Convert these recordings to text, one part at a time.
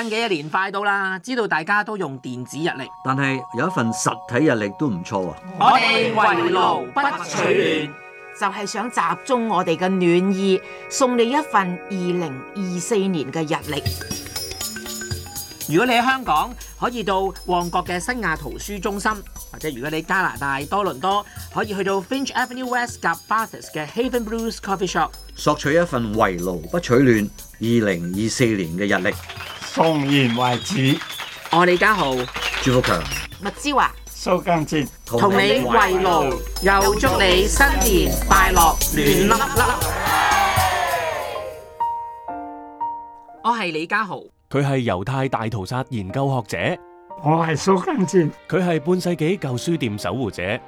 新嘅一年快到啦，知道大家都用電子日曆，但係有一份實體日曆都唔錯啊！我哋為勞不取暖，就係想集中我哋嘅暖意，送你一份2024年嘅日曆。如果你喺香港，可以到旺角嘅新亞圖書中心，或者如果你加拿大多倫多，可以去到 Finch Avenue West 加 Bathurst 嘅 Haven Blues Coffee Shop，索取一份為勞不取暖2024年嘅日曆。同言為止，我李家豪，朱福強，麥之華，蘇更志，同你為奴，又祝你新年快樂，圓碌碌。我係李家豪，佢係猶太大屠殺研究學者。我係蘇更志，佢係半世紀舊書店守護者。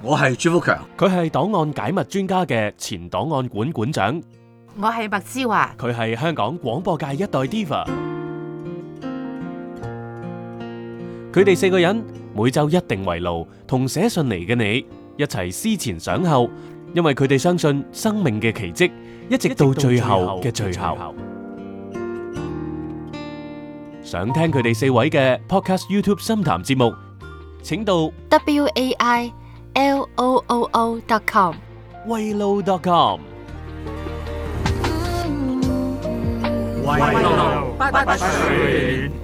我係朱福強，佢係檔案解密專家嘅前檔案館館長。我係麥之華，佢係香港廣播界一代 diva 佢哋四個人每周一定圍爐，同寫信嚟嘅你一齊思前想後，因為佢哋相信生命嘅奇蹟，一直到最後嘅最後。想聽佢哋四位嘅 Podcast YouTube 深談節目，請到 wailoo.com。wailoo.com。喂，路，拜拜拜拜。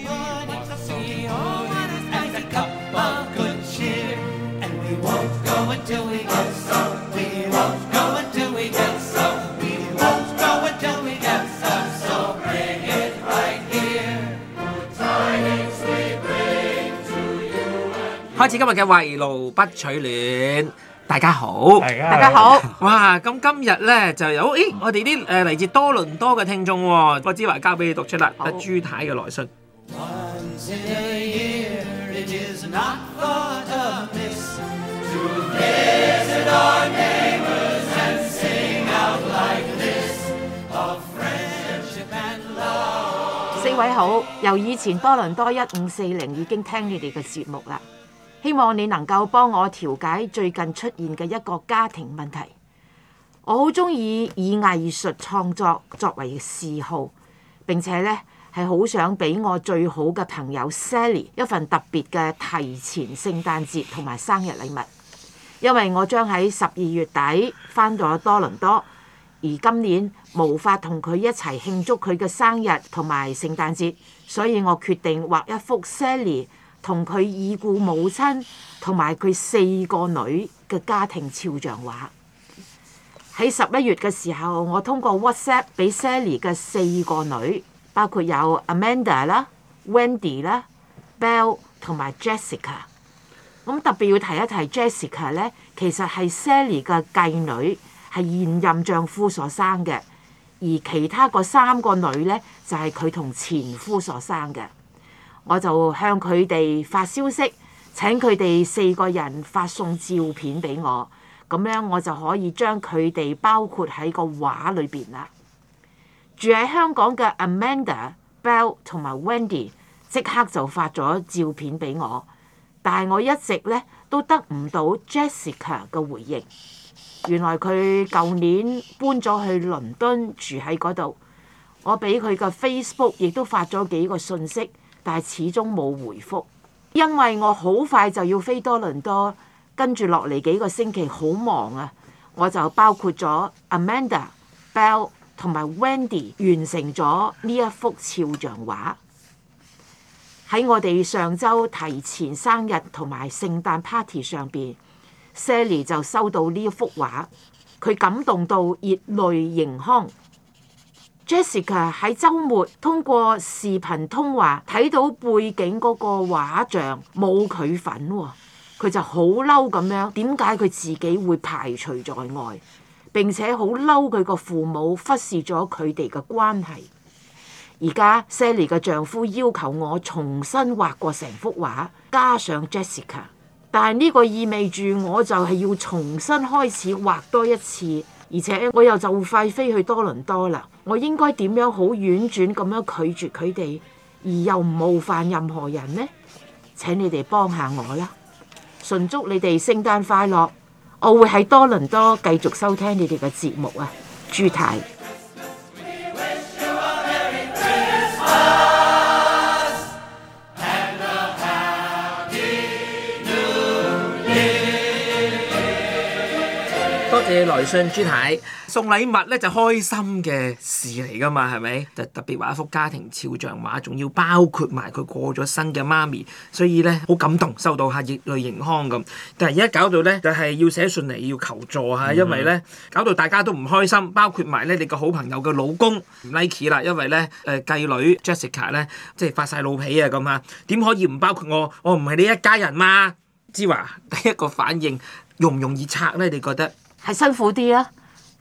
今日嘅《圍爐不取暖》，大家好，大家好，哇！咁今日呢就有，咦，我哋啲誒嚟自多倫多嘅聽眾，郭之華交俾你讀出啦，阿朱太嘅來信。四位好，由以前多倫多一五四零已經聽你哋嘅節目啦。希望你能夠幫我調解最近出現嘅一個家庭問題。我好鍾意以藝術創作作為嗜好，並且咧係好想俾我最好嘅朋友 Sally 一份特別嘅提前聖誕節同埋生日禮物，因為我將喺十二月底返到多倫多，而今年無法同佢一齊慶祝佢嘅生日同埋聖誕節，所以我決定畫一幅 Sally，同佢已故母親同埋佢四個女嘅家庭肖像畫，喺十一月嘅時候，我通過 WhatsApp 俾 Sally 嘅四個女，包括有 Amanda 啦、Wendy 啦、Belle 同埋 Jessica。咁特別要提一提 Jessica 咧，其實係 Sally 嘅繼女，係現任丈夫所生嘅，而其他嗰三個女咧就係佢同前夫所生嘅。我就向佢哋發消息，請佢哋四個人發送照片俾我，咁樣我就可以將佢哋包括喺個畫裏邊啦。住喺香港嘅 Amanda、Belle 同埋 Wendy 即刻就發咗照片俾我，但係我一直呢都得唔到 Jessica 嘅回應。原來佢舊年搬咗去倫敦住喺嗰度，我俾佢嘅 Facebook 亦都發咗幾個信息。但係始終冇回覆，因為我好快就要飛多倫多，跟住落嚟幾個星期好忙啊！我就包括咗 Amanda、Belle 同埋 Wendy 完成咗呢一幅肖像畫。喺我哋上週提前生日同埋聖誕 party 上邊，Sally 就收到呢一幅畫，佢感動到熱淚盈眶。Jessica 喺週末通過視頻通話睇到背景嗰個畫像冇佢份喎，佢就好嬲咁樣。點解佢自己會排除在外？並且好嬲佢個父母忽視咗佢哋嘅關係。而家 Sally 嘅丈夫要求我重新畫過成幅畫，加上 Jessica，但係呢個意味住我就係要重新開始畫多一次，而且我又就快飛去多倫多啦。我應該點樣好婉轉咁樣拒絕佢哋，而又唔冒犯任何人呢？請你哋幫下我啦！順祝你哋聖誕快樂！我會喺多倫多繼續收聽你哋嘅節目啊，朱太。謝來信朱太送禮物咧就開心嘅事嚟㗎嘛，係咪？就特別畫一幅家庭肖像畫，仲要包括埋佢過咗身嘅媽咪，所以咧好感動，收到下熱淚盈眶咁。但係而家搞到咧就係、是、要寫信嚟要求助下，因為咧搞到大家都唔開心，包括埋咧你個好朋友嘅老公 Nike 啦，因為咧誒繼女 Jessica 咧即係發晒老脾啊咁啊，點可以唔包括我？我唔係你一家人嘛之華，第一個反應容唔容易拆咧？你覺得？.係辛苦啲啦，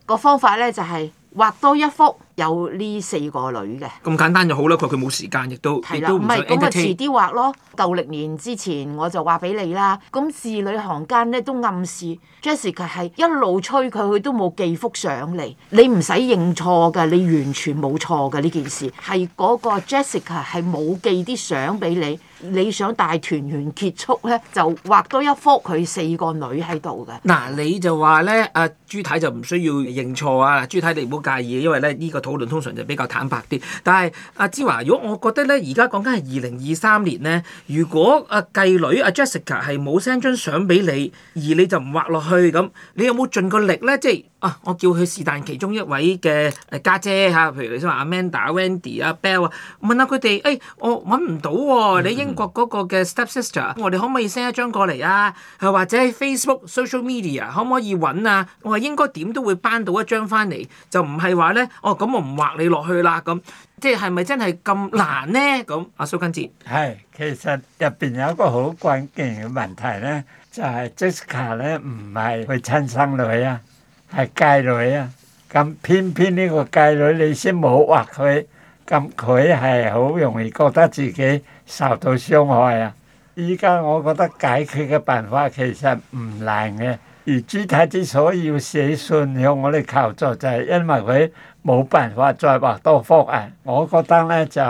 個方法咧就係畫多一幅有呢四個女嘅，咁簡單就好啦。佢話佢冇時間，亦都亦的都唔想，唔係咁咪咁遲啲畫咯。舊曆年之前我就話俾你啦，咁字裏行間咧都暗示 Jessica 係一路催佢，佢都冇寄幅相嚟。你唔使認錯噶，你完全冇錯噶。呢件事，係嗰個 Jessica 係冇寄啲相俾你。你想大團圓結束咧，就畫多一幅佢四個女喺度嘅。嗱，你就話咧，阿、啊、朱太就唔需要認錯啊，朱太你唔好介意，因為咧呢、呢個討論通常就比較坦白啲。但係阿、啊、芝華，如果我覺得咧，而家講緊係二零二三年咧，如果阿、啊、繼女阿、啊、Jessica 係冇 send 張相俾你，而你就唔畫落去咁，你有冇盡個力咧？即係啊，我叫佢是但其中一位嘅誒家姐嚇、啊，譬如你先話阿 Manda、Wendy 啊、Belle、哎、啊，問下佢哋，誒我揾唔到喎，你應。嗯、中國嗰個嘅 Step Sister，我哋可唔可以 send 一張過嚟啊？係或者 Facebook、Social Media 可唔可以揾啊？我話應該點都會搬到一張翻嚟，就唔係話咧哦咁我唔畫你落去啦咁，即係係咪真係咁難呢？咁阿蘇根哲，係其實入邊有一個好關鍵嘅問題呢，就係、係、Jessica 呢，唔係佢親生女啊，係繼女啊，咁偏偏呢個繼女你先冇畫佢，咁佢係好容易覺得自己受到傷害啊！依家我覺得解決嘅辦法其實唔難嘅，而朱太之所以要寫信向我哋求助，就係、是、因為佢冇辦法再畫多幅啊！我覺得咧就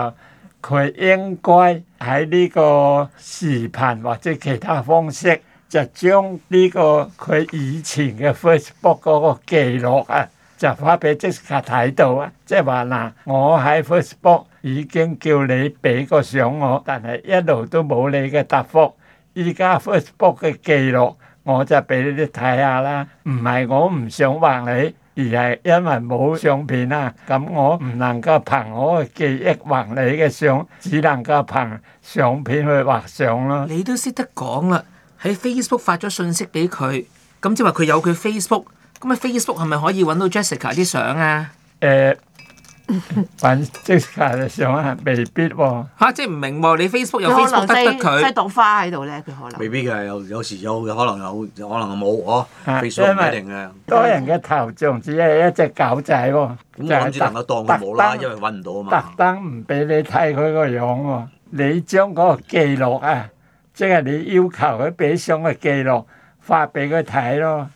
佢應該喺呢個視頻或者其他方式，就將呢個佢以前嘅 Facebook 嗰個記錄啊，就發俾 Jessica 睇到啊！即係話嗱，我喺 Facebook。已經叫你俾個相我，但係一路都冇你嘅答覆。依家 Facebook 嘅記錄，我就俾你睇下啦。唔係我唔想畫你，而係因為冇相片呀。咁我唔能夠憑我嘅記憶畫你嘅相，只能夠憑相片去畫相咯。你都識得講啦，喺 Facebook 發咗信息俾佢，咁即係話佢有佢 Facebook。咁啊 Facebook 係咪可以揾到 Jessica 啲相啊？誒。反即刻上啊？未必喎嚇，即係唔明喎。你 Facebook 有 Facebook 得得佢，即係朵花喺度咧，佢可能未必嘅。有有時有，可能有，可能冇哦。Facebook 唔一定嘅。多人嘅頭像只係一隻狗仔喎。咁我只能夠當佢冇啦，因為搵唔到嘛。特登唔俾你睇佢個樣喎，你將嗰個記錄啊，即係你要求佢俾相嘅記錄發俾佢睇咯，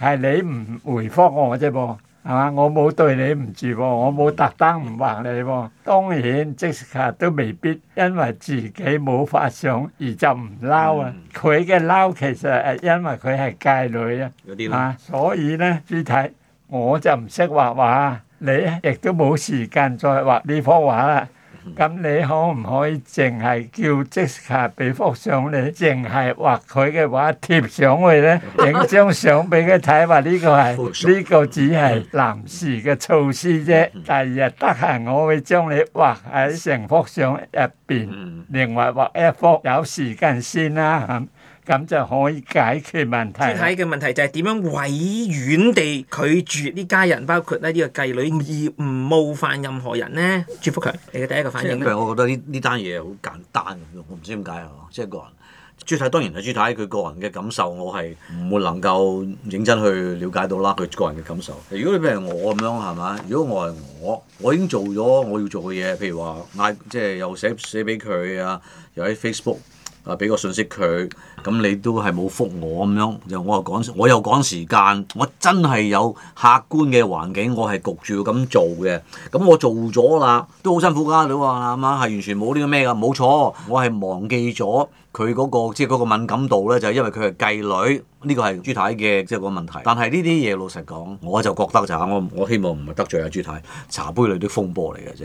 係你唔回覆我啫噃。係嘛？我冇對你唔住，我冇特登唔畫你喎。當然即刻都未必，因為自己冇發相而就唔嬲啊！佢嘅嬲其實係因為佢係繼女啊，所以呢，朱太我就唔識畫畫，你呢亦都冇時間再畫呢幅畫啦。咁、嗯、你可唔可以淨係叫即刻俾幅相你，淨係畫佢嘅畫貼上去咧， 影張相俾佢睇話呢個係呢 個只係臨時嘅措施啫。 第二日得閒，我會將你畫喺成幅相入邊， 另外畫一幅。有時間先啦、啊。嗯咁就可以解決問題。朱太嘅問題就係點樣委婉地拒絕呢家人，包括咧呢個繼女，而唔冒犯任何人咧？朱福強。 你嘅第一個反應。因為我覺得呢呢單嘢好簡單，我唔知點解啊！即係個人。朱太當然啦，朱太佢個人嘅感受，我係唔會能夠認真去了解到啦。佢個人嘅感受。如果你譬如我咁樣係嘛？如果我係我，我已經做咗我要做嘅嘢，譬如話嗌，即係又寫寫俾佢啊，又喺 Facebook。啊！俾個信息佢，咁你都係冇覆我咁樣，又我又趕我又趕時間，我真係有客觀嘅環境，我係焗住要咁做嘅。咁我做咗啦，都好辛苦㗎，你話阿媽係完全冇呢個咩㗎，冇錯，我係忘記咗佢嗰個，即係嗰個敏感度咧，就係因為佢係繼女，呢個係朱太嘅即係個問題，但係呢啲嘢老實講，我就覺得就係我我希望唔係得罪阿、啊、朱太，茶杯裏啲風波嚟嘅啫。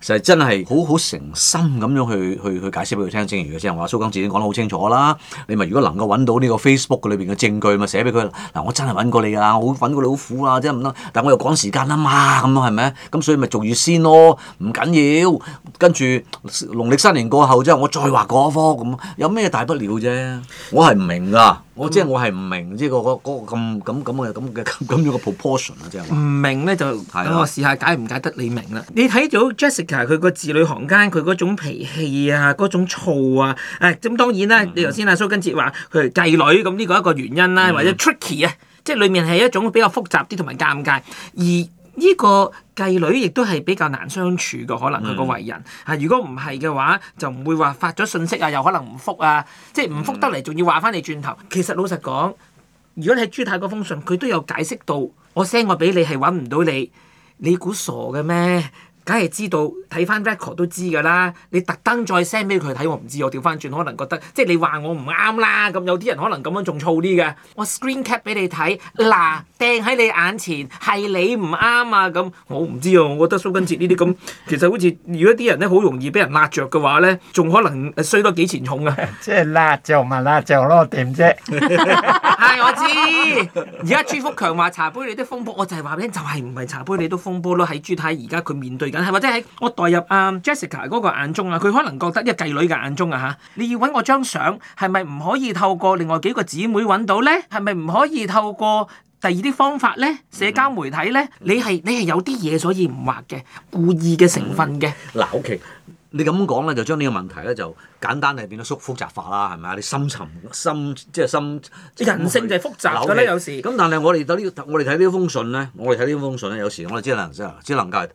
就係真係好好誠心咁樣去去去解釋俾佢聽正，正如嘅啫。我蘇耿自己講得好清楚啦。你咪如果能夠揾到呢個 Facebook 裏邊嘅證據，咪寫俾佢。嗱，我真係揾過你㗎，我好揾過你好苦啊，即係咁啦。但我又趕時間啊嘛，咁樣係咪？咁所以咪逐月先咯，唔緊要。跟住農曆新年過後啫，我再畫嗰科咁，有咩大不了啫？我係唔明㗎，那我即係我係。唔明，明呢係個嗰個咁咁咁嘅咁嘅咁咁樣嘅 proportion 啊，即係唔明咧就，等我試下解唔解得你明啦。的你睇到 Jessica 佢個字裏行間，佢嗰種脾氣啊，嗰種燥啊，誒、啊，咁當然啦。你頭先阿蘇根哲話佢係繼女，咁呢個一個原因啦、啊，嗯、或者 tricky 啊，即係裡面係一種比較複雜啲同埋尷尬而。呢個繼女亦都係比較難相處㗎，可能佢個為人嚇。嗯、如果唔係嘅話，就唔會話發咗信息啊，又可能唔覆啊，即係唔覆得嚟，仲要話返你轉頭。其實老實講，如果你係朱太嗰封信，佢都有解釋到，我 send 過俾你係揾唔到你，你估傻嘅咩？梗係知道，睇翻 record 都知㗎啦。你特登再 send 俾佢睇，我唔知。我調翻轉，可能覺得即係你話我唔啱啦。咁有啲人可能咁樣仲燥啲嘅。我 screen cap 俾你睇，嗱掟喺你眼前係你唔啱啊！咁我唔知啊。我覺得蘇根哲呢啲咁，其實好似如果啲人咧好容易俾人辣着嘅話咧，仲可能衰多幾錢重啊！即係揦著咪辣就咯，掂啫？係我知。而家朱福強話茶杯你都風波，我就係話咧，就係唔係茶杯你都風波咯？喺朱太而家佢面對係或者喺我代入阿 Jessica 嗰個眼中啊，佢可能覺得，即係繼女嘅眼中啊吓，你要搵我張相，係咪唔可以透過另外幾個姊妹搵到咧？係咪唔可以透過第二啲方法咧？社交媒體咧？你係你係有啲嘢所以唔畫嘅，故意嘅成分嘅。嗱、嗯，OK，你咁講咧，就將呢個問題咧就。簡單就變咗複複雜化啦，係咪啊？你深沉、深即係深即人性就係複雜噶啦，有時。咁但係我哋睇呢我哋睇呢封信咧，我哋睇呢封信咧，有時我哋只能只能夠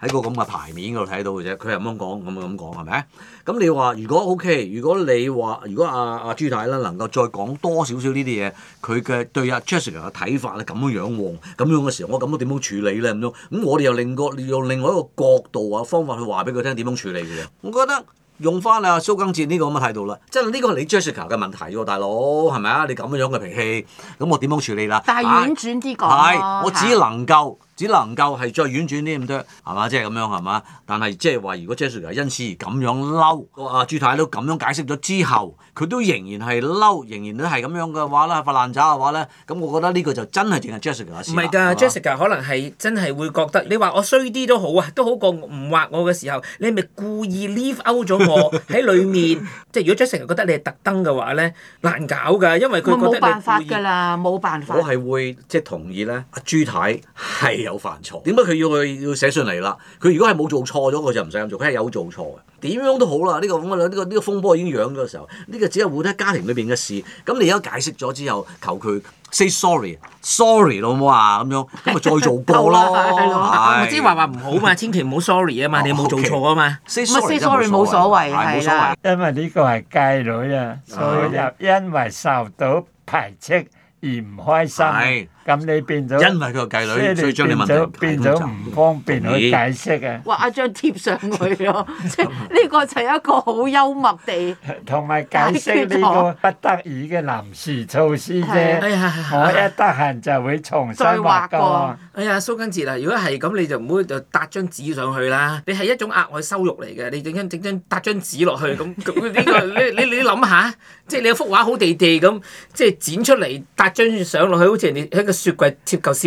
喺個咁嘅牌面度睇到嘅啫。佢咁樣講，咁樣咁講係咪？咁你話如果 OK，如果你話如果阿阿朱太咧能夠再講多少少呢啲嘢，佢嘅對阿 Jessica 嘅睇法咧咁樣樣喎，咁樣嘅時候，我咁樣點樣處理咧咁樣？咁我哋又另個用另外一個角度啊方法去話俾佢聽點樣處理嘅？我覺得。用翻啊蘇更哲呢個咁嘅態度啦，即係呢個係你 Jessica 嘅問題喎，大佬係咪啊？你咁樣嘅脾氣，咁我點樣處理啦？但係婉轉啲講，哎，我只能夠。只能夠係再婉轉啲咁多，係嘛？即係咁樣係嘛？但係即係話，如果 Jessica 因此而咁樣嬲，阿朱太都咁樣解釋咗之後，佢都仍然係嬲，仍然都係咁樣嘅話啦。發爛渣嘅話咧，咁我覺得呢個就真係淨係 Jessica 嘅事。唔係㗎，Jessica 可能係真係會覺得你話我衰啲都好啊，都好過唔畫我嘅時候，你咪故意 leave out 咗我喺裏 面。即係如果 Jessica 覺得你係特登嘅話咧，難搞㗎，因為佢冇辦法㗎啦，冇辦法。我係會即係同意咧，阿朱太係。有犯錯，點解佢要佢要寫信嚟啦？佢如果係冇做錯咗，佢就唔使咁做。佢係有做錯嘅，點樣都好啦。呢、呢個咁呢個呢個風波已經釀咗嘅時候，呢、呢個只係喺家庭裏邊嘅事。咁、嗯、你而家解釋咗之後，求佢 say sorry，sorry 老 sorry，母啊，咁樣咁啊，再做過咯，嚇、嗯。即係話話唔好嘛，千祈唔好 sorry 啊嘛，你冇做錯啊嘛，say sorry 冇所謂，係啦。因為呢個係繼女啊，所以入因為受到排斥而唔開心。咁你變咗，因為佢個繼女，所以變咗變咗唔方便去解釋啊！畫一張貼上去咯，即係呢個就係一個好幽默地，同埋解釋呢個不得已嘅臨時措施啫。我一得閒就會重新畫過。哎呀，蘇根治啦！如果係咁，你就唔好就搭張紙上去啦。你係一種額外羞辱嚟嘅，你整張整張搭張紙落去咁，咁呢呢呢你諗下，即係你有幅畫好地地咁，即係剪出嚟搭張相落去，好似人哋一個。雪櫃貼舊嚿攝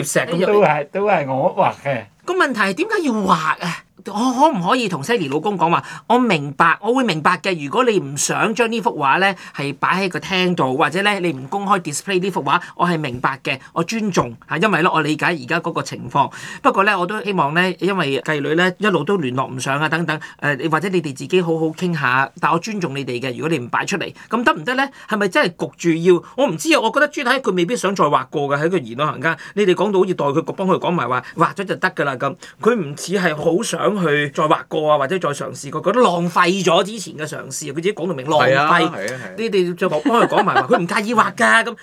石咁樣，哎，都係都係我畫嘅。個問題係點解要畫啊？我可唔可以同 Sally 老公講話？我明白，我會明白嘅。如果你唔想將呢幅畫咧，係擺喺個廳度，或者咧你唔公開 display 呢幅畫，我係明白嘅。我尊重嚇，因為咧我理解而家嗰個情況。不過咧，我都希望咧，因為繼女咧一路都聯絡唔上啊，等等。誒、呃，或者你哋自己好好傾下。但我尊重你哋嘅，如果你唔擺出嚟，咁得唔得咧？係咪真係焗住要？我唔知啊。我覺得朱太佢未必想再畫過嘅喺個現代行間。你哋講到好似代佢幫佢講埋話，畫咗就得㗎啦咁。佢唔似係好想。去再畫過啊，或者再嘗試過，覺得浪費咗之前嘅嘗試。佢自己講到明浪費，啊啊啊、你哋就幫佢講埋話，佢唔 介意畫㗎咁。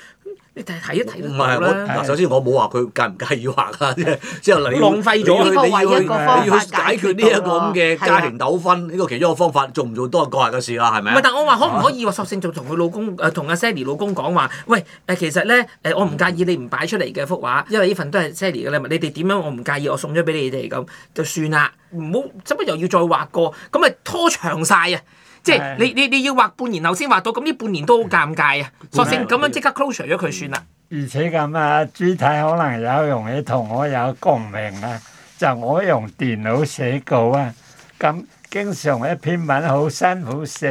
你睇一睇都睇唔到啦。嗱，首先我冇話佢介唔介意畫啦，即係即係嗱，你要，你要解決呢一個咁嘅家庭糾紛，呢個其中一個方法做唔做都係個人嘅事啦，係咪？唔係，但係我話可唔可以話索性就同佢老公誒同阿 Sally 老公講話，喂，誒其實咧誒我唔介意你唔擺出嚟嘅幅畫，因為呢份都係 Sally 嘅禮物，你哋點樣我唔介意，我送咗俾你哋咁就算啦，唔好怎麼又要再畫過，咁咪拖長曬啊！即係你你你要畫半年後先畫到，咁呢半年都好尷尬啊！嗯、索性咁樣即刻 closure 咗佢算啦、嗯。而且咁啊，朱太可能有容嘢同我有共鳴啊，就我用電腦寫稿啊，咁經常一篇文好辛苦寫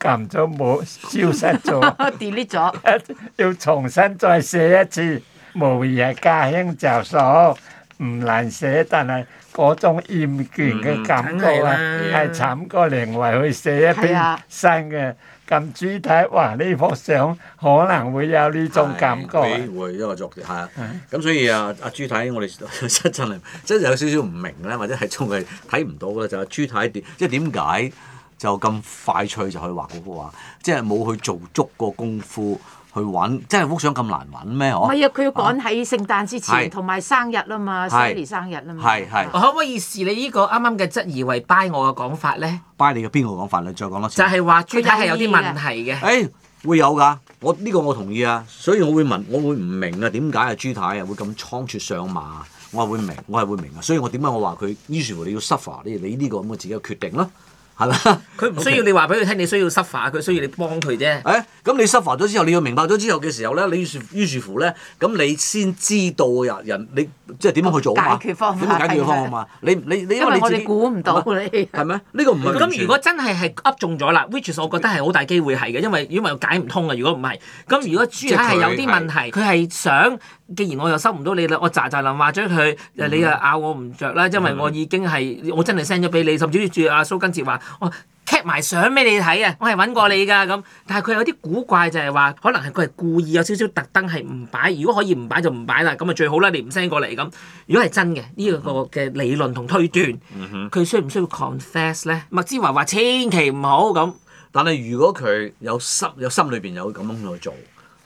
完，撳咗冇消失咗，delete 咗， 要重新再寫一次，無疑係加輕就數，唔難寫，但係。嗰種厭倦嘅感覺、嗯嗯、啊，係慘過靈慧去寫一篇新嘅。咁朱、啊、太哇呢幅相可能會有呢種感覺。可能會因為作係，咁、啊啊啊、所以啊啊朱太，我哋 真真真係有少少唔明咧，或者係仲係睇唔到嘅。就係、是啊、朱太點即係點解就咁快脆就可以畫嗰幅畫，即係冇去做足個功夫。去揾，真係屋想咁難揾咩？哦，唔係啊，佢要趕喺聖誕之前，同埋、啊、生日啊嘛，十二年生日啊嘛。係係，我可唔可以視你呢個啱啱嘅質疑為 buy 我嘅講法咧？buy 你嘅邊個講法咧？再講多次。就係話朱太係有啲問題嘅。誒、哎，會有㗎，我呢、呢個我同意啊，所以我會問，我會唔明啊？點解啊？朱太啊，會咁倉促上馬，我係會明，我係會明啊！所以我點解我話佢於是乎你要 suffer 呢？你呢個咁嘅自己嘅決定咯、啊。係嘛？佢唔需要你話俾佢聽，你需要執法，佢需要你幫佢啫。咁你執法咗之後，你要明白咗之後嘅時候咧，你於是乎咧，咁你先知道人人你即係點樣去做解決方法解解決方法嘛？你你你因為我哋估唔到你係咩？呢個唔係咁。如果真係係噏中咗啦，which 我覺得係好大機會係嘅，因為因為解唔通嘅。如果唔係，咁如果朱家有啲問題，佢係想，既然我又收唔到你啦，我咋咋能話將佢你又咬我唔着啦？因為我已經係我真係 send 咗俾你，甚至於住阿蘇根哲話，我 take 埋相俾你睇啊！我係揾過你噶咁，但係佢有啲古怪就，就係話可能係佢係故意有少少特登係唔擺。如果可以唔擺就唔擺啦，咁咪最好啦。你唔 send 過嚟咁，如果係真嘅呢、呢個個嘅理論同推斷，佢、嗯、哼需唔需要 confess 咧？麥之華話千祈唔好咁。但係如果佢有心有心裏邊有咁樣去做。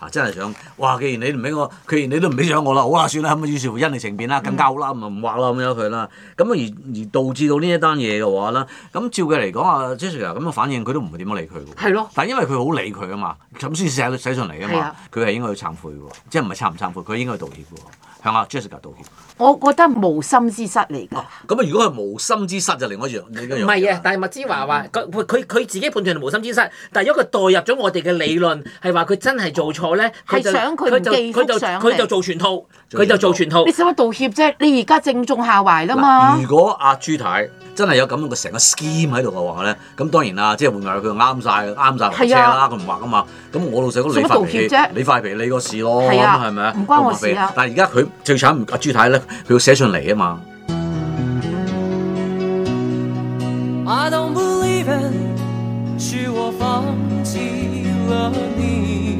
啊！真係想哇！既然你唔俾我，既然你都唔俾上我啦，好啦，啊，算啦，咁於是乎因你情變啦，更加好啦，咪唔畫啦咁樣佢啦。咁而而導致到呢一單嘢嘅話咧，咁照佢嚟講啊，Jessica 咁嘅反應，佢都唔會點樣理佢喎。係咯的。但係因為佢好理佢啊嘛，咁先寫寫上嚟啊嘛，佢係的應該去懺悔嘅喎，即係唔係懺唔懺悔？佢應該去道歉嘅喎。向啊，Jessica 道歉。我覺得無心之失嚟㗎。咁啊，如果係無心之失就另一樣，唔係啊。但係麥之華話佢佢佢自己判斷係無心之失，但係如果佢代入咗我哋嘅理論，係話佢真係做錯咧，係想佢記覆上嘅，佢就佢就做全套。佢就做全套，全套你使乜道歉啫、啊？你而家正中下懷啦嘛！如果阿、啊、朱太真係有咁樣嘅成個 scheme 喺度嘅話咧，咁當然啦，即係換嚟佢啱晒，啱晒部車啦，佢唔畫噶嘛。咁我老細嗰個你塊皮、啊，你塊皮你個事咯，係咪啊？唔關我事。但係而家佢最慘，唔阿朱太咧，佢要寫上嚟啊嘛。I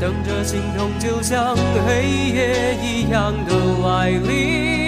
等着心痛，就像黑夜一樣的來臨。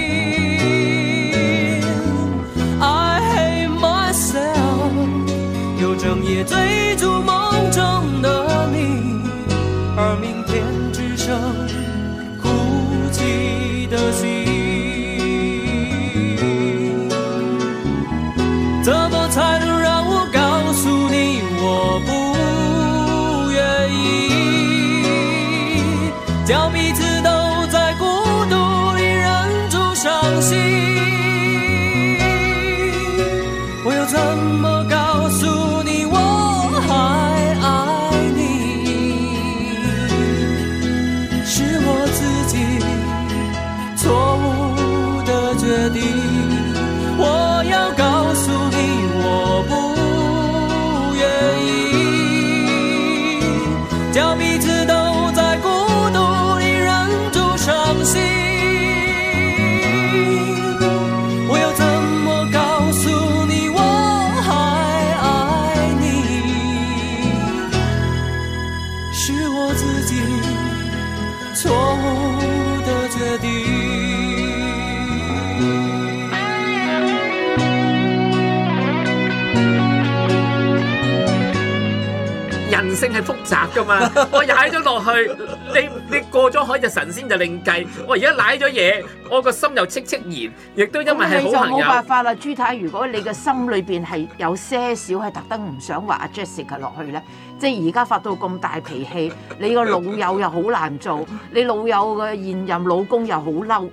生係複雜㗎嘛，我踩咗落去，你你過咗海就神仙就另計，我而家舐咗嘢，我個心又戚戚然，亦都因為好朋友。一係就冇辦法啦，朱太，如果你嘅心裏邊係有些少係特登唔想話阿 Jessica 落去咧，即係而家發到咁大脾氣，你個老友又好難做，你老友嘅現任老公又好嬲。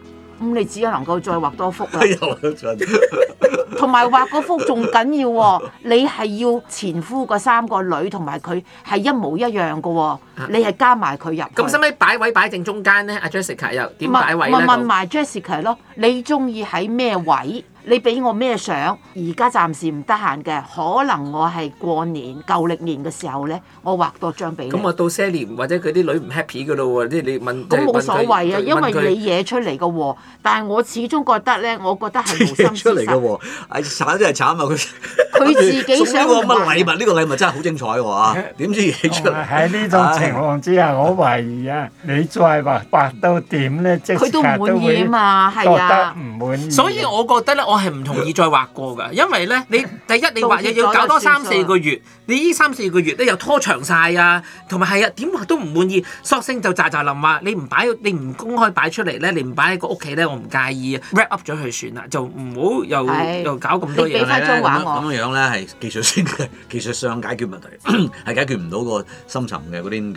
咁你只能夠再畫多幅啦，同埋 畫嗰幅仲緊要喎、啊，你係要前夫個三個女同埋佢係一模一樣㗎喎、啊。你係加埋佢入，咁使唔使擺位擺正中間咧？阿 Jessica 又點擺位咧？唔問埋 Jessica 咯，你中意喺咩位？你俾我咩相？而家暫時唔得閒嘅，可能我係過年舊歷年嘅時候咧，我畫多張俾你。咁我到些年或者佢啲女唔 happy 嘅咯喎，即係你問。咁冇所謂啊，因為你嘢出嚟嘅喎。但係我始終覺得咧，我覺得係冇心出嚟嘅喎，阿 Sir 真係慘啊！佢佢自己想擺。乜禮物？呢個禮物真係好精彩喎！點知嘢出嚟？喺呢度。我知啊，我懷疑啊，你再畫畫到點咧？即刻都唔滿意，都唔滿意嘛，係啊，唔滿意。所以，我覺得咧，我係唔同意再畫過噶，因為咧，你第一 你畫嘢要搞多三四個月， 你呢三四個月咧又拖長晒啊，同埋係啊，點畫都唔滿意，索性就咋咋林啊。你唔擺，你唔公開擺出嚟咧，你唔擺喺個屋企咧，我唔介意啊，wrap up 咗佢算啦，就唔好又、啊、又搞咁多嘢咧。咁樣樣咧，係技術先嘅技術上解決問題，係 解決唔到個深層嘅嗰啲。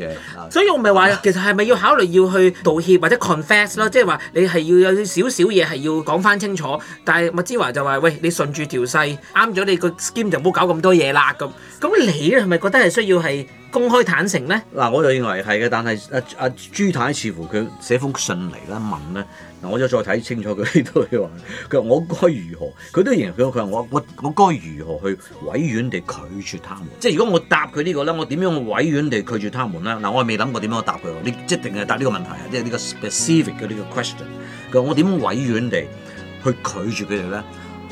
所以我咪話，其實係咪要考慮要去道歉或者 confess 咯？即係話你係要有少少嘢係要講翻清楚。但係麥之華就話，喂，你順住條勢啱咗，你個 scheme 就唔好搞咁多嘢啦。咁咁你咧係咪覺得係需要係公開坦誠咧？嗱，啊，我就認為係嘅，但係阿阿朱太似乎佢寫封信嚟啦，問咧。嗱，我就再睇清楚佢呢堆話，佢話我該如何？佢都形容佢話我我我該如何去委婉地拒絕他們？即係如果我答佢呢、這個咧，我點樣委婉地拒絕他們咧？嗱、嗯，我係未諗過點樣答佢喎。你即係定係答呢個問題啊？即係呢個 specific 嘅呢、這個 question。佢話我點委婉地去拒絕佢哋咧？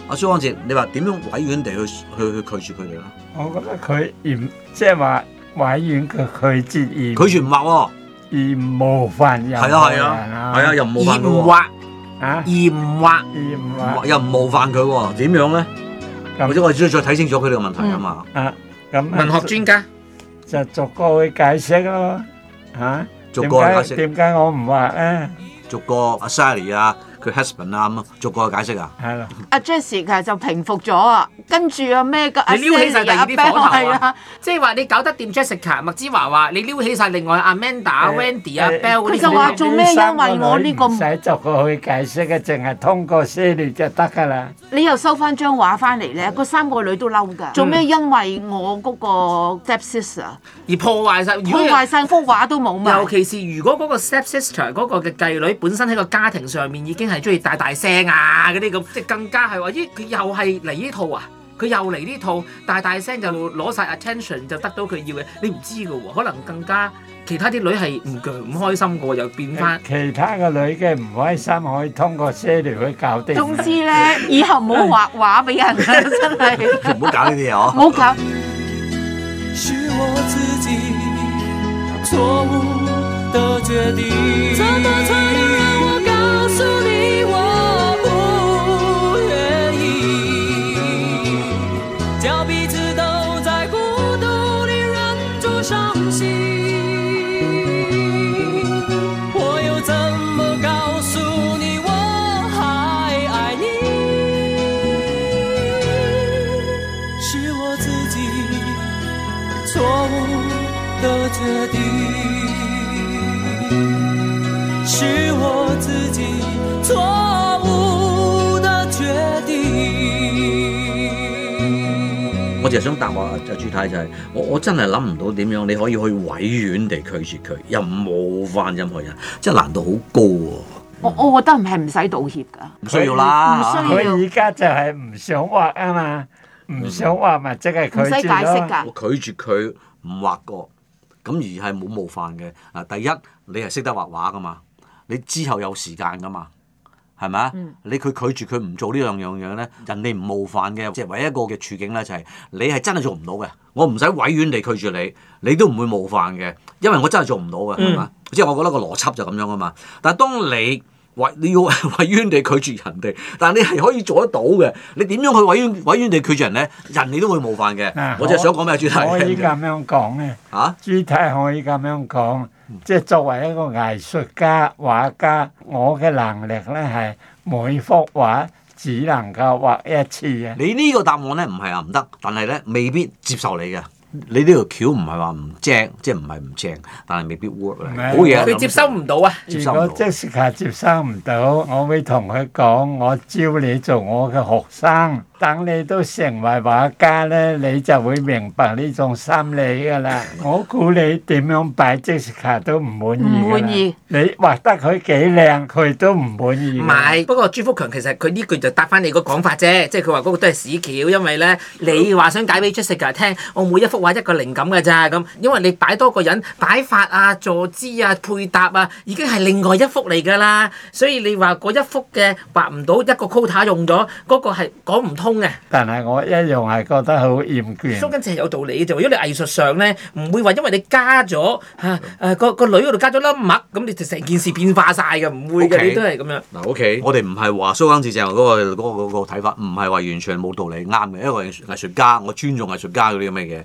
阿蘇安捷，你話點樣委婉地去去去拒絕佢哋咧？我覺得佢嚴即係話委婉佢拒絕拒絕唔話喎、哦。而冒犯人，係咯係啊，係啊，又唔冒犯人啊，而唔挖啊，而唔挖，而唔挖，又唔冒犯佢喎？點樣咧？或者我哋都要再睇清楚佢哋嘅問題啊嘛？啊，咁文學專家就逐個去解釋咯嚇。逐個解釋點解我唔話咧？逐個啊，Sally 啊。佢 husband 啦咁咯，逐個解釋啊。係啦，阿 Jesse 其實就平復咗啊。跟住啊，咩個，你撩起曬第二啲火頭啊！即係話你搞得掂 Jessica 麥芝華話你撩起晒另外阿 Manda 阿 Wendy 啊，b e 佢就話做咩，因為我呢個唔使逐個去解釋嘅，淨係通過寫 i 就得㗎啦。你又收翻張畫翻嚟咧，個三個女都嬲㗎。做咩因為我嗰個 step sister 而破壞晒。破壞晒幅畫都冇乜。尤其是如果嗰個 step sister 嗰個嘅繼女本身喺個家庭上面已經係。係中意大大聲啊！嗰啲咁，即係更加係話咦，佢又係嚟呢套啊，佢又嚟呢套，大大聲就攞晒 attention，就得到佢要嘅，你唔知噶喎，可能更加其他啲女係唔唔開心過，又變翻其他嘅女嘅唔開心，可以通過 Sally 去搞定。總之咧，以後唔好畫畫俾人啦，真係唔好搞呢啲哦，唔好搞。是我自己錯誤的決定。我淨係想答話阿朱太就係，我我真係諗唔到點樣你可以去委婉地拒絕佢，又冇犯任何人，即係難度好高啊！我我覺得唔係唔使道歉噶，唔需要啦，所以而家就係唔想畫啊嘛，唔想畫咪即係拒絕咯，唔使解釋㗎，我拒絕佢唔畫過。咁而係冇冒犯嘅。嗱，第一你係識得畫畫噶嘛？你之後有時間噶嘛？係咪啊？你佢拒絕佢唔做呢兩樣嘢咧，人哋唔冒犯嘅，即係唯一一個嘅處境咧，就係你係真係做唔到嘅。我唔使委婉地拒絕你，你都唔會冒犯嘅，因為我真係做唔到嘅，係嘛？即係、嗯、我覺得個邏輯就咁樣噶嘛。但係當你，為你要委婉地拒絕人哋，但你係可以做得到嘅。你點樣去委婉委婉地拒絕人咧？人哋都會冒犯嘅。那我就係想講咩好啊，朱太？可以咁樣講咧嚇，朱太可以咁樣講，即係作為一個藝術家、畫家，我嘅能力咧係每幅畫只能夠畫一次嘅、啊。你呢個答案咧唔係啊唔得，但係咧未必接受你嘅。你呢條橋唔係話唔正，即係唔係唔正，但係未必 work 咧。佢接收唔到啊！如果 Jessica 接收唔到，我會同佢講：我招你做我嘅學生，等你都成為畫家咧，你就會明白呢種心理㗎啦。我估你點樣擺，Jessica 都唔滿意。唔滿意？你畫得佢幾靚，佢都唔滿意。唔係。不過朱福強其實佢呢句就搭翻你個講法啫，即係佢話嗰個都係屎橋，因為咧你話想解俾 Jessica 聽，我每一幅。話一個靈感嘅咋咁，因為你擺多個人擺法啊、坐姿啊、配搭啊，已經係另外一幅嚟㗎啦。所以你話嗰一幅嘅畫唔到一個 quota 用咗，嗰個係講唔通嘅。但係我一樣係覺得好厭倦。蘇根治係有道理嘅，因為你藝術上咧，唔會話因為你加咗嚇誒個個女嗰度加咗粒物，咁你就成件事變化曬㗎，唔會嘅，你都係咁樣。嗱，OK，我哋唔係話蘇根治嗰個嗰個嗰個睇法，唔係話完全冇道理啱嘅。一個藝術家，我尊重藝術家嗰啲咁嘅嘢。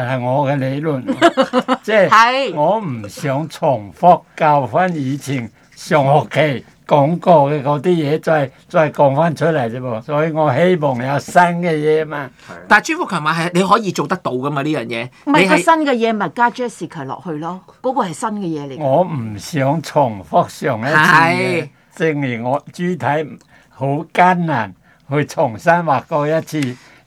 就係我嘅理論，即係我唔想重複教翻以前上學期講過嘅嗰啲嘢，再再講翻出嚟啫噃。所以我希望有新嘅嘢嘛。但係朱福強咪係你可以做得到噶嘛，呢樣嘢，你係新嘅嘢，咪加 Jessica 落去咯。嗰個係新嘅嘢嚟。我唔想重複上一次嘢，正如我朱太好艱難去重新畫過一次，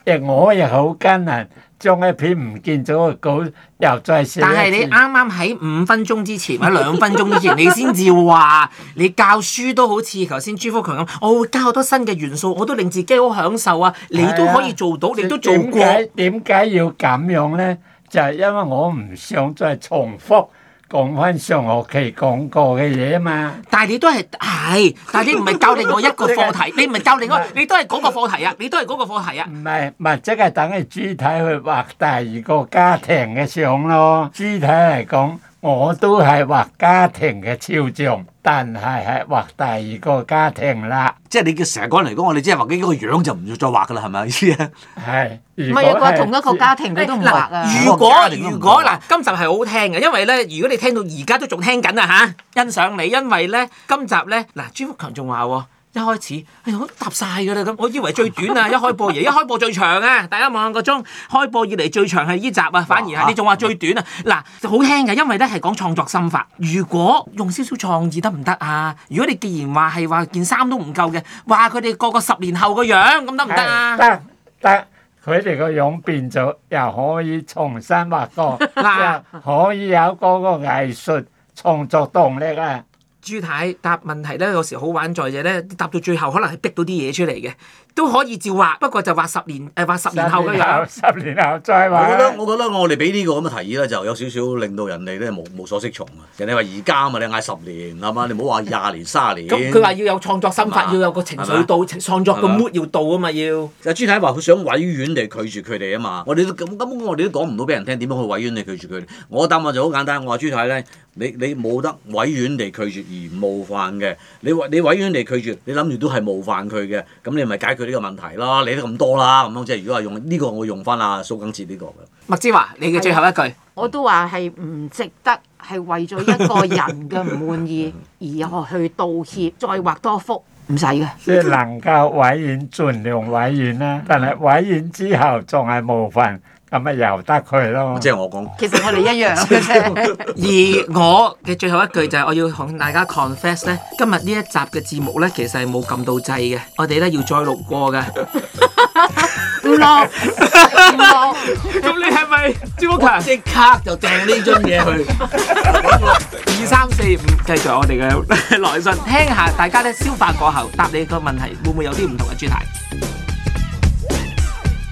亦我又好艱難。張 A 片唔見咗，稿又再先。但係你啱啱喺五分鐘之前，喺兩 分鐘之前，你先至話你教書都好似頭先朱福強咁，我會教好多新嘅元素，我都令自己好享受啊！你都可以做到，啊、你都做過。點解點解要咁樣咧？就係、是、因為我唔想再重複。講翻上學期講過嘅嘢啊嘛，但係你都係係，但係你唔係教另外一個課題， 你唔係教另外，你都係嗰個課題啊， 你都係嗰個課題啊。唔係，咪即係等於主體去畫第二個家庭嘅相咯，主體嚟講。我都係畫家庭嘅肖像，但係係畫第二個家庭啦。即係你叫成日講嚟講，我哋只係畫幾個樣就唔要再畫噶啦，係咪意思先？係唔係啊？同一個家庭都你都唔畫啊？如果如果嗱，今集係好聽嘅，因為咧，如果你聽到而家都仲聽緊啊吓，欣賞你，因為咧，今集咧嗱，朱福強仲話。一開始，哎呀，我揼曬㗎啦，咁，我以為最短啊， 一開播而一開播最長啊，大家望下個鐘開播以嚟最長係呢集啊，反而係你仲話最短啊，嗱就好輕㗎，因為咧係講創作心法，如果用少少創意得唔得啊？如果你既然話係話件衫都唔夠嘅，話佢哋個個十年後個樣咁得唔得啊？得得，佢哋個樣變咗又可以重新畫過，嗱 可以有嗰個藝術創作動力啊！朱太答問題咧，有時好玩在就係咧，答到最後可能係逼到啲嘢出嚟嘅。都可以照話，不過就話十年，誒、欸、話十年後嘅人。十年後再話我，我覺得我覺得我哋俾呢個咁嘅提議咧，就有少少令到人哋咧無無所適從。人哋話而家啊嘛，你嗌十年係嘛， 你唔好話廿年三十年。咁佢話要有創作心法，吧要有個情緒到吧創作個 mood 吧要到啊嘛要。阿朱太話佢想委婉地拒絕佢哋啊嘛，我哋都根本我哋都講唔到俾人聽點樣去委婉地拒絕佢。我答案就好簡單，我話朱太咧，你你冇得委婉地拒絕而冒犯嘅，你你委婉地拒絕，你諗住都係冒犯佢嘅，咁你咪解決。呢個問題啦，理得咁多啦，咁樣即係如果話用呢、這個啊這個，我用翻阿蘇耿捷呢個嘅。麥之華，你嘅最後一句，我都話係唔值得係為咗一個人嘅唔滿意而去道歉， 再畫多幅唔使嘅。即係能夠委婉盡量委婉啦、啊，但係委婉之後仲係無份。咁咪由得佢咯，即係我講。其實我哋一樣嘅啫。而我嘅最後一句就係我要同大家 confess 咧，今日呢一集嘅節目咧其實係冇撳到掣嘅，我哋咧要再錄過嘅。錄錄，咁你係咪朱福強即刻就掟呢樽嘢去？二三四五，繼續我哋嘅來信，聽下大家咧消化過後答你個問題，會唔會有啲唔同嘅主題？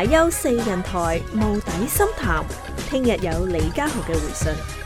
解憂四人台，無底深談。聽日有李嘉豪嘅回信。